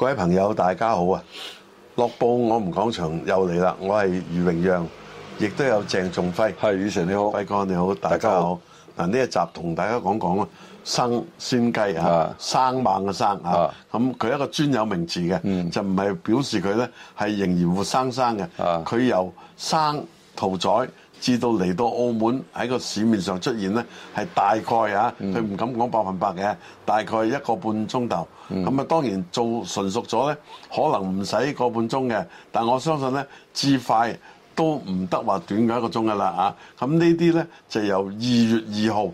各位朋友，大家好啊！樂報我們講場又嚟啦，我係余榮讓，亦都有鄭仲輝。係，宇成你好，輝哥你好，大家好。嗱呢一集同大家講講生鮮雞啊，的生猛嘅生啊，咁佢的一個專有名詞嘅，的就唔係表示佢咧，係仍然活生生嘅。佢的由生屠宰。至到嚟到澳門喺個市面上出現呢，係大概啊、嗯，佢唔敢講百分百嘅，大概一個半鐘頭。咁啊，當然做純熟咗呢，可能唔使個半鐘嘅。但我相信呢，至快都唔得話短過一個鐘噶啦嚇。咁呢啲呢，就由二月二號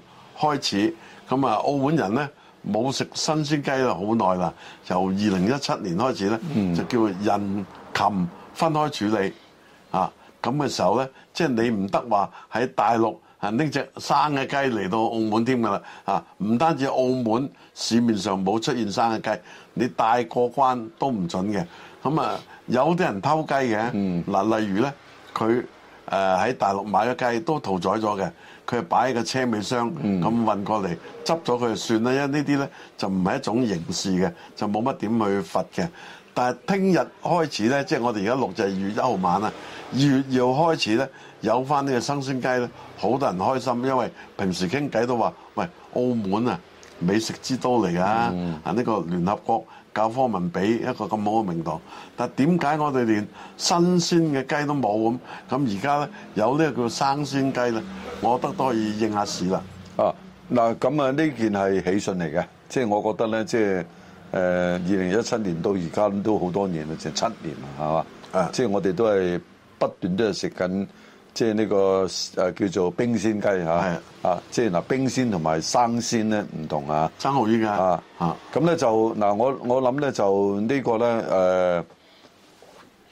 開始，咁啊澳門人呢，冇食新鮮雞啦，好耐啦，由二零一七年開始呢，就叫人禽分開處理。嗯嗯咁嘅時候咧，即、就、係、是、你唔得話喺大陸啊拎隻生嘅雞嚟到澳門添㗎啦，唔單止澳門市面上冇出現生嘅雞，你帶過關都唔準嘅。咁啊，有啲人偷雞嘅，嗱、嗯、例如咧，佢喺大陸買咗雞都屠宰咗嘅，佢係擺喺個車尾箱咁運、嗯、過嚟，執咗佢就算啦，因為呢啲咧就唔係一種刑事嘅，就冇乜點去罰嘅。但係聽日開始咧，即、就、係、是、我哋而家錄就係二月一號晚啦，二月要開開始咧，有翻呢個生鮮雞咧，好多人開心，因為平時傾偈都話，喂，澳門啊，美食之都嚟啊，啊呢、嗯、個聯合國教科文畀一個咁好嘅名堂，但點解我哋連新鮮嘅雞都冇咁？咁而家咧有呢個叫生鮮雞咧，我覺得都可以應下市啦。啊，嗱，咁啊呢件係喜訊嚟嘅，即係我覺得咧，即係。誒二零一七年到而家都好多年啦，成七年啦，係嘛？啊！即係我哋都係不斷都係食緊，即係呢個誒叫做冰鮮雞嚇，係啊！即係嗱，冰鮮同埋生鮮咧唔同魚啊，生好遠㗎，啊啊！咁咧就嗱，我我諗咧就呢個呢個咧誒。是的 呃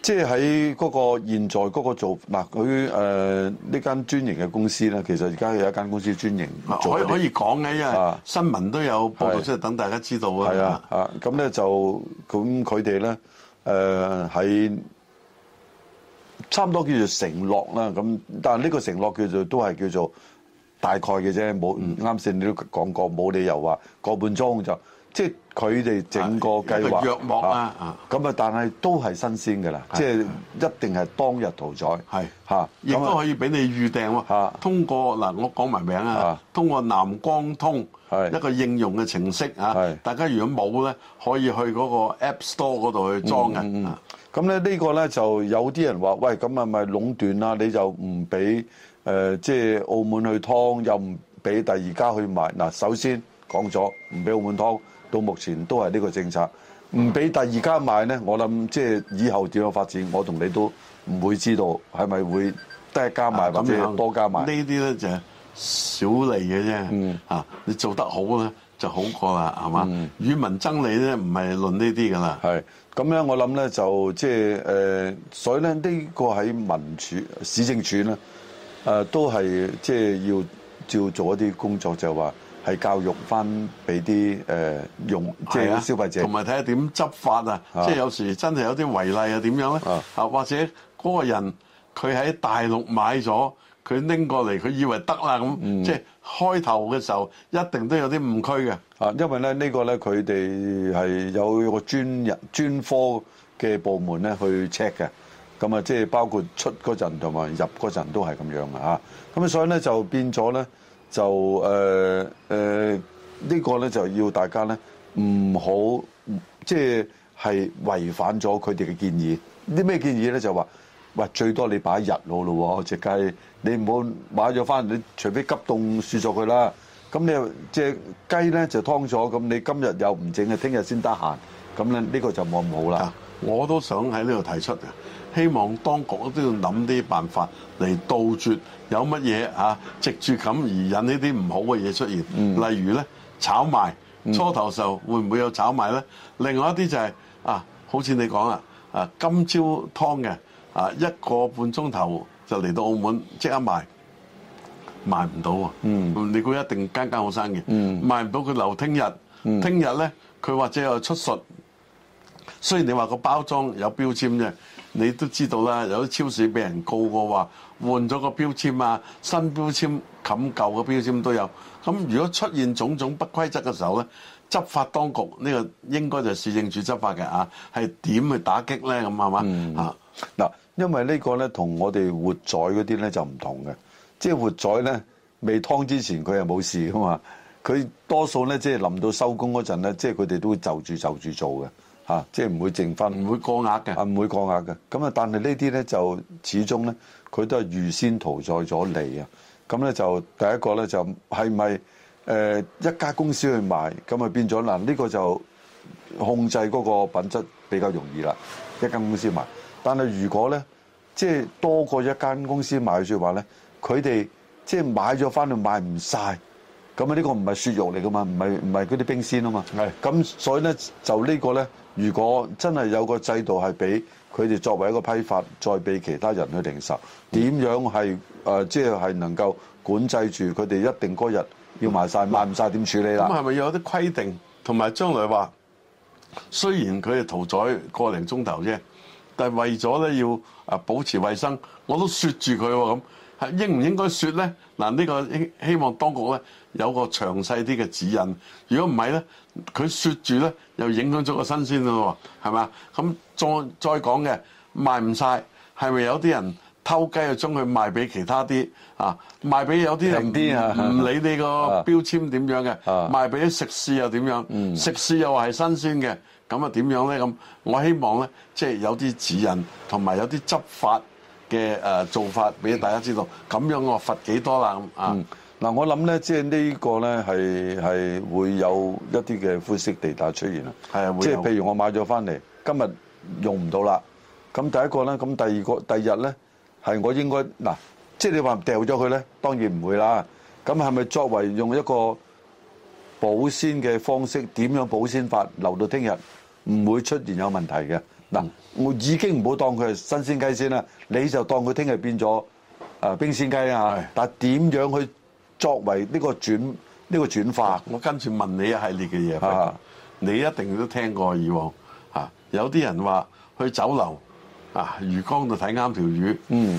即係喺嗰個現在嗰個做嗱佢誒呢間專營嘅公司咧，其實而家有一間公司專營，可以講嘅，因為新聞都有報道出嚟，等的大家知道啊。係啊，啊咁咧就咁佢哋咧誒喺差唔多叫做承諾啦。咁但係呢個承諾叫做都係叫做大概嘅啫，冇，啱先你都講過，冇理由話個半鐘就。即係佢哋整個計劃，咁啊，但係都係新鮮㗎啦。即係一定係當日屠宰，係嚇，亦都可以俾你預訂喎。通過嗱，我講埋名啊，通過南光通一個應用嘅程式啊，大家如果冇咧，可以去嗰個 App Store 嗰度去裝嘅。咁咧呢個咧就有啲人話：喂，咁係咪壟斷啊？你就唔俾誒，即係澳門去劏，又唔俾第二家去賣。嗱，首先講咗唔俾澳門劏，到目前都係呢個政策，唔俾第二家買咧。我諗即係以後點樣發展，我同你都唔會知道係咪會低加埋、啊啊啊、或者多加埋呢啲咧，就少、是、利嘅啫。嚇，你做得好咧就好過啦，係嘛、嗯？與民爭利咧，唔係論呢啲㗎啦。係咁咧，我諗咧就即係誒，所以咧呢、呢個喺民署、市政署咧，誒、呃、都係即係要照做一啲工作，就話、是。係教育翻俾啲誒用即、即係、消費者，同埋睇下點執法啊！啊即係有時真係有啲違例啊，點樣咧？啊，或者嗰個人佢喺大陸買咗，佢拎過嚟，佢以為得啦咁，嗯、即係開頭嘅時候一定都有啲誤區嘅。啊，因為咧呢、呢個咧佢哋係有個專人、專科嘅部門咧去 check 嘅。咁啊，即係包括出嗰陣同埋入嗰陣都係咁樣啊。咁所以咧就變咗咧。就誒誒呢個咧就要大家咧唔好即係係違反咗佢哋嘅建議。啲咩建議咧就話：喂，最多你擺一日好咯喎，隻、那個、雞你唔好擺咗翻嚟，你除非急凍雪咗佢啦。咁你隻、那個、雞咧就劏咗，咁你今日又唔整啊，聽日先得閒。咁咧呢個就冇咁好啦。我都想喺呢度提出嘅，希望當局都要諗啲辦法嚟杜絕有乜嘢嚇，藉住咁而引呢啲唔好嘅嘢出現。例如咧炒賣，初頭時候會唔會有炒賣咧？另外一啲就係啊，好似你講啦，啊今朝劏嘅啊一個半鐘頭就嚟到澳門即刻賣，賣唔到喎。嗯，你估一定間間好生嘅。嗯，賣唔到佢留聽日。嗯，聽日咧佢或者有出術。雖然你話個包裝有標籤啫，你都知道啦。有啲超市俾人告過話換咗個標籤啊，新標籤冚舊嘅標籤都有。咁如果出現種種不規則嘅時候咧，執法當局呢、呢個應該就市政處執法嘅啊，係點去打擊咧？咁啊嘛啊嗱，因為呢個咧同我哋活宰嗰啲咧就唔同嘅，即係活宰咧未劏之前佢係冇事噶嘛，佢多數咧即係臨到收工嗰陣咧，即係佢哋都會就住就住做嘅，嚇、啊，即係唔會淨翻，唔會過額嘅、啊，唔會過額嘅。咁啊，但係呢啲咧就始終咧，佢都係預先屠宰咗嚟啊。咁咧就第一個咧就係咪誒一家公司去賣，咁啊變咗嗱呢個就控制嗰個品質比較容易啦。一間公司賣，但係如果咧即係多過一間公司買嘅話咧，佢哋即係買咗翻嚟賣唔晒。咁啊！呢個唔係雪肉嚟噶嘛，唔係唔係嗰啲冰鮮啊嘛。係。咁所以咧，就呢個咧，如果真係有個制度係俾佢哋作為一個批發，再俾其他人去零售，點樣係誒，即係係能夠管制住佢哋一定嗰日要賣晒，賣唔晒點處理啦？咁係咪有啲規定？同埋將來話，雖然佢哋屠宰個零鐘頭啫，但係為咗咧要保持衛生，我都雪住佢喎咁。係應唔應該說咧？嗱，呢個希希望當局咧有個詳細啲嘅指引。如果唔係咧，佢說住咧又影響咗個新鮮咯喎，係咪啊？咁再再講嘅賣唔晒，係咪有啲人偷雞又將佢賣俾其他啲啊？賣俾有啲人唔便理你個標籤點樣嘅，便便便便賣俾啲食肆又點樣？嗯、食肆又話係新鮮嘅，咁啊點樣咧？咁我希望咧，即係有啲指引同埋有啲執法。嘅誒做法俾大家知道，咁樣我罰幾多啦？啊，嗱，我諗咧，即係呢個咧係係會有一啲嘅灰色地帶出現啦。係啊，會即係譬如我買咗翻嚟，今日用唔到啦，咁第一個咧，咁第二個第二日咧係我應該嗱、啊，即係你話掉咗佢咧，當然唔會啦。咁係咪作為用一個保鮮嘅方式，點樣保鮮法留到聽日唔會出現有問題嘅？嗱，嗯、我已經唔好當佢係新鮮雞先啦，你就當佢聽日變咗冰鮮雞啊是！但點樣去作為呢個轉呢、呢個轉化？我跟住問你一系列嘅嘢。啊、你一定都聽過以往、啊、有啲人話去酒樓啊魚缸度睇啱條魚，嗯、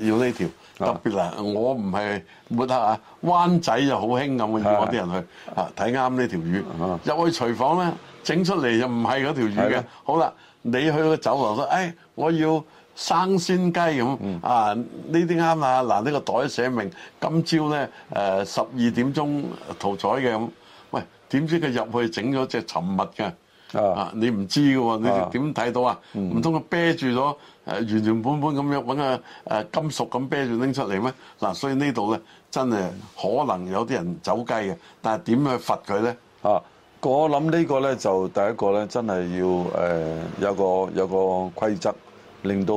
要呢條特別啦、啊、我唔係冇得嚇，灣仔就好興咁嘅，有啲人去睇啱呢條魚，入、啊、去廚房咧整出嚟就唔係嗰條魚嘅。啊、好啦。你去個酒樓都，誒、哎，我要生鮮雞咁，啊，呢啲啱啊，嗱，呢個袋寫明今朝咧，誒十二點鐘屠宰嘅咁。喂，點知佢入去整咗隻沉物嘅？Uh, 啊，你唔知㗎喎，你點睇到啊？唔通佢啤住咗，誒、呃，原原本本咁樣揾個、啊呃、金屬咁啤住拎出嚟咩？嗱、啊，所以呢度咧，真係可能有啲人走雞嘅，但係點去罰佢咧？啊！Uh. 我諗呢個呢，就第一個呢，真係要、呃、有個有個規則，令到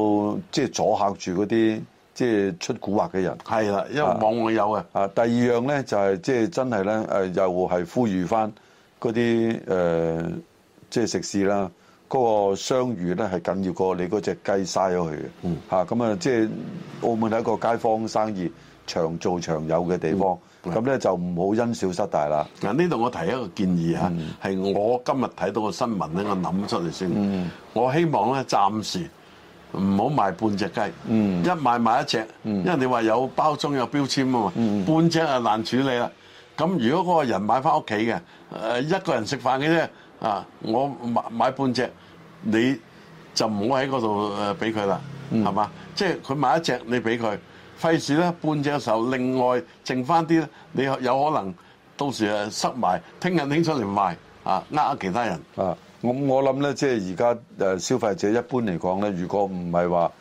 即係阻嚇住嗰啲即係出古惑嘅人。係啦，因為網上有嘅、啊。第二樣呢，就係、是、即係真係呢，誒，又係呼籲返嗰啲即係食肆啦，嗰、嗰個商譽呢，係緊要過你嗰隻雞嘥咗去嘅咁、嗯、啊！樣即係澳門係一個街坊生意長做長有嘅地方。嗯咁咧就唔好因小失大啦。嗱，呢度我提一個建議嚇，係、嗯、我今日睇到個新聞咧，嗯、我諗出嚟先。嗯、我希望咧暫時唔好買半隻雞。嗯、一買買一隻，嗯、因為你話有包裝有標籤啊嘛。嗯、半隻啊難處理啦。咁如果嗰個人買翻屋企嘅，誒一個人食飯嘅啫啊，我買買半隻，你就唔好喺嗰度誒俾佢啦，係嘛、嗯？即係佢買一隻你，你俾佢。費事咧，半隻嘅時候另外剩翻啲咧，你有可能到時誒塞埋，聽日拎出嚟賣，啊呃呃其他人。啊，我我諗咧，即係而家誒消費者一般嚟講咧，如果唔係話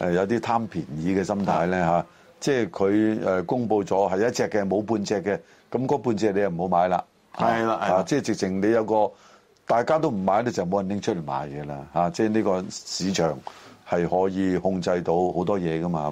誒有啲貪便宜嘅心態咧嚇，的即係佢誒公佈咗係一隻嘅，冇半隻嘅，咁嗰半隻你又唔好買啦。係啦，啊，即係直情你有一個大家都唔買咧，就冇人拎出嚟買嘅啦。嚇，即係呢個市場，係可以控制到好多嘢噶嘛，係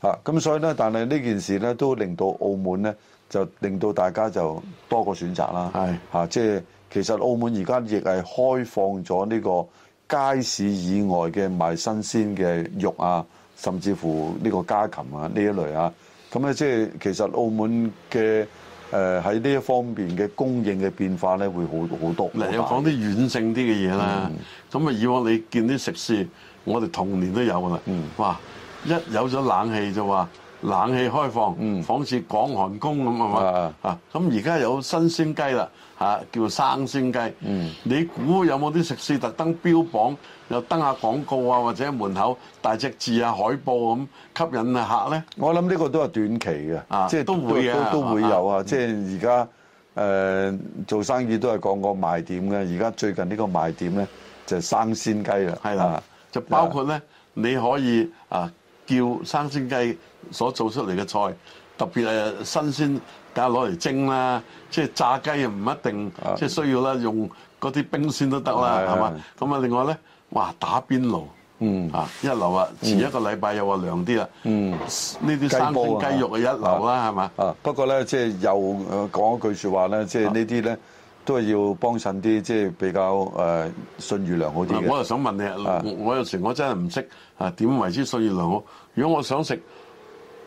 嘛？咁是的 所以咧，但係呢件事咧都令到澳門咧就令到大家就多個選擇啦是的、啊。即係其實澳門而家亦係開放咗呢個街市以外嘅賣新鮮嘅肉啊，甚至乎呢個家禽啊呢一類啊，咁、啊、咧即係其實澳門嘅誒喺呢一方面嘅供應嘅變化咧會好好多。你又講啲軟性啲嘅嘢啦，咁啊、嗯、以往你見啲食肆。我哋童年都有喇。嗯哇！一有咗冷氣就話冷氣開放，仿似廣寒宮咁啊嘛啊！咁而家有新鮮雞啦，叫生鮮雞。嗯、你估有冇啲食肆特登標榜，又登下廣告啊，或者門口大隻字啊、海報咁吸引下客咧？我諗呢個都係短期嘅，即係、啊、都，都會嘅、啊，都會有啊！即係而家誒做生意都係講個賣點嘅，而家最近呢個賣點咧就係生鮮雞啦，啦、嗯。就包括咧，你可以啊叫生鮮雞所做出嚟嘅菜，特別係新鮮，梗攞嚟蒸啦，即係炸雞又唔一定即係需要啦，用嗰啲冰鮮都得啦，係嘛？咁啊，另外咧，哇，打邊爐，嗯啊，一流啊，前一個禮拜又話涼啲啊，嗯，呢啲生鮮雞肉係一流啦，係嘛？啊，吧不過咧，即係又講一句説話咧，即係呢啲咧。都係要幫襯啲即係比較誒信譽良好啲嘅。我就想問你，我的我有時我真係唔識啊點為之信譽良好。如果我想食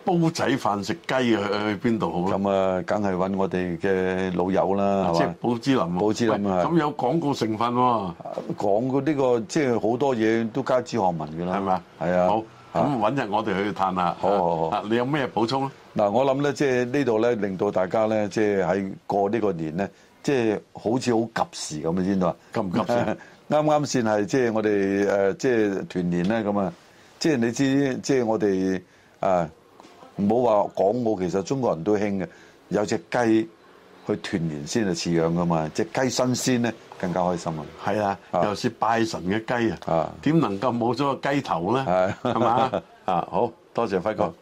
煲仔飯食雞，去去邊度好咧？咁啊，梗係揾我哋嘅老友啦，係嘛、啊？寶芝林，寶芝林啊，咁、啊、有廣告成分喎、啊啊，講、過呢個即係好多嘢都加之學文嘅啦，係咪？係啊，吧啊好咁揾日我哋去探下，啊啊、好好好。你有咩補充咧？嗱、啊，我諗咧，即係呢度咧，令到大家咧，即係喺過呢個年咧。即係好似好及時咁先到啊！急唔急先？啱啱先係即係我哋即係團年咧咁啊！即係你知即係我哋啊，唔好話講我，其實中國人都興嘅，有隻雞去團年先係似樣噶嘛。隻雞新鮮咧，更加開心啊！係啊，又是拜神嘅雞啊，點能夠冇咗個雞頭咧？係嘛啊！好多謝輝哥。